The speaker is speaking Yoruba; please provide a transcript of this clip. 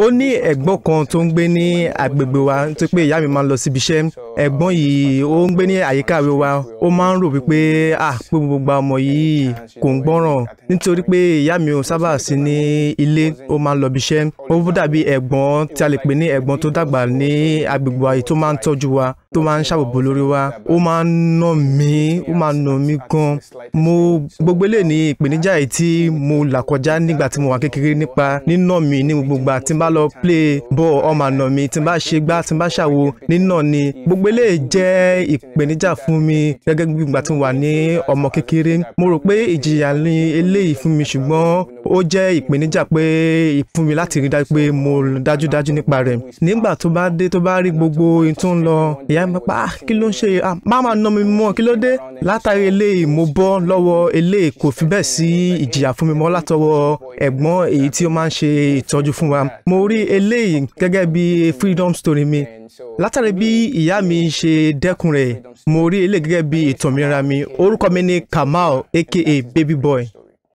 ó ní ẹ̀gbọ́n kan tó ń gbé ní agbègbè wa tó pé ìyá mi máa ń lọ síbi iṣẹ́ ẹ̀gbọ́n yìí ó ń gbé ní àyíká ìwé wa ó máa ń rò wípé ah pé gbogbo ọmọ yìí kò ń gbọ́ràn nítorí pé ìyá mi ò sábà sí ní ilé ó máa ń lọ ibi iṣẹ́ ó dàbí ẹ̀gbọ́n tí a lè pè ní ẹ̀gbọ́n tó dàgbà ní agbègbè wa yìí tó máa ń tọ́jú wa tó máa ń ṣàbòbò lórí wa ó máa ń nà mí ó máa ń nà mí gan mo gbogbo eléyìí ní ìpèníjà yìí tí mo là kọjá nígbà tí mo wà kékeré nípa nínà mí ní gbogbo ìgbà bá lọ play ball ọmọ àna mi tí n bá ṣe gbá tí n bá ṣàwo nínà ni gbogbo eléyìí jẹ́ ìpèníjà fún mi gẹ́gẹ́ bí ìgbà tí mo wà ní ọmọ kékeré mo rò pé ìjìyà ni eléyìí fún mi ṣùgbọ́n ó jẹ́ ìpèníjà pé fún mi láti rí dájú pé mo dájúdájú nípa rẹ̀ nígbà tó bá dé tó bá rí gbogbo ohun tó ń lọ ìyá mi pa ah, kí ló ń ṣe ah, máma nà mí mọ́ kí ló dé látàrí eléyìí mo bọ́ lọ́wọ́ eléyìí kò fi bẹ́ẹ̀ sí ìjìyà fún mi mọ́ látọwọ́ ẹ̀gbọ́n èyí tí ó máa ń ṣe ìtọ́jú fún wa mo rí eléyìí gẹ́gẹ́ bí freedom story mi látàrí bí ìyá mi ṣe dẹ́kun rẹ̀ mo rí eléyìí gẹ́gẹ́ bí ìtàn mìíràn mi orúkọ mi ni Kamal aka Baby Boy.